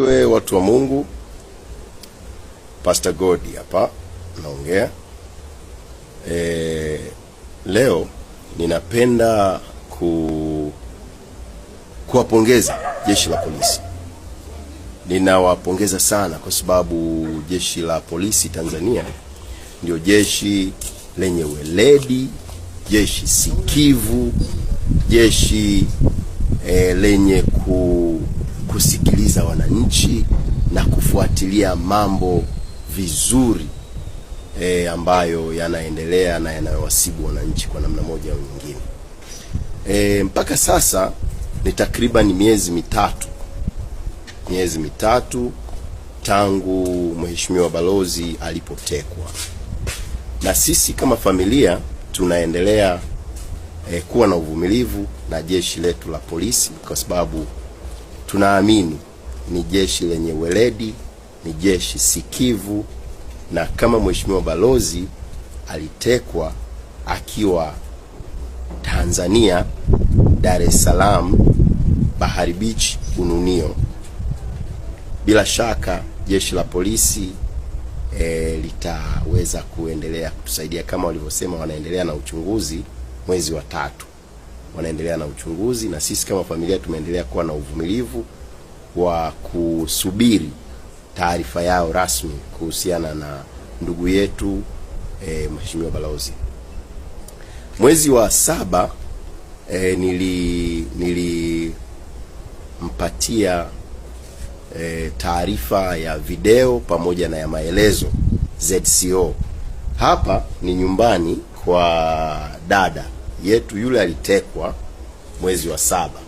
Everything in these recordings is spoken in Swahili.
Mbarikiwe watu wa Mungu. Pastor Godi hapa naongea. E, leo ninapenda ku kuwapongeza jeshi la polisi. Ninawapongeza sana kwa sababu jeshi la polisi Tanzania ndio jeshi lenye weledi, jeshi sikivu, jeshi e, lenye ku kusikiliza wananchi na kufuatilia mambo vizuri e, ambayo yanaendelea na yanayowasibu wananchi kwa namna moja au nyingine. E, mpaka sasa ni takriban miezi mitatu miezi mitatu tangu mheshimiwa balozi alipotekwa, na sisi kama familia tunaendelea e, kuwa na uvumilivu na jeshi letu la polisi kwa sababu Tunaamini ni jeshi lenye weledi, ni jeshi sikivu, na kama mheshimiwa balozi alitekwa akiwa Tanzania, Dar es Salaam, Bahari Beach, Ununio, bila shaka jeshi la polisi e, litaweza kuendelea kutusaidia kama walivyosema, wanaendelea na uchunguzi mwezi wa tatu wanaendelea na uchunguzi, na sisi kama familia tumeendelea kuwa na uvumilivu wa kusubiri taarifa yao rasmi kuhusiana na ndugu yetu e, Mheshimiwa Balozi. Mwezi wa saba e, nili nilimpatia e, taarifa ya video pamoja na ya maelezo ZCO. Hapa ni nyumbani kwa dada yetu yule alitekwa mwezi wa saba,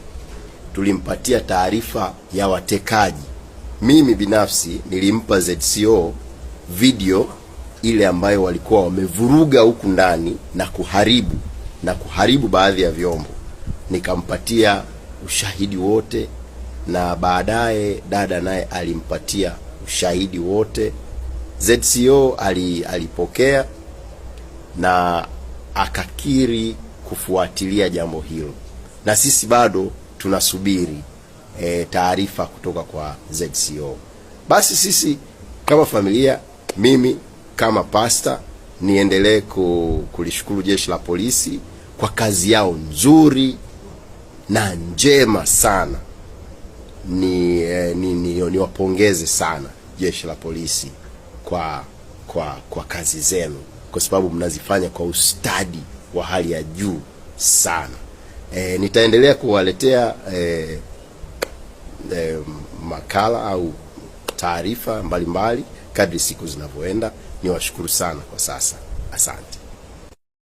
tulimpatia taarifa ya watekaji. Mimi binafsi nilimpa ZCO video ile ambayo walikuwa wamevuruga huku ndani na kuharibu na kuharibu baadhi ya vyombo, nikampatia ushahidi wote, na baadaye dada naye alimpatia ushahidi wote. ZCO alipokea na akakiri kufuatilia jambo hilo, na sisi bado tunasubiri e, taarifa kutoka kwa ZCO. Basi sisi kama familia, mimi kama pasta niendelee kulishukuru jeshi la polisi kwa kazi yao nzuri na njema sana. Ni e, niwapongeze ni, ni sana jeshi la polisi kwa, kwa, kwa kazi zenu kwa sababu mnazifanya kwa ustadi wa hali ya juu sana. E, nitaendelea kuwaletea e, e, makala au taarifa mbalimbali kadri siku zinavyoenda. Niwashukuru sana kwa sasa, asante.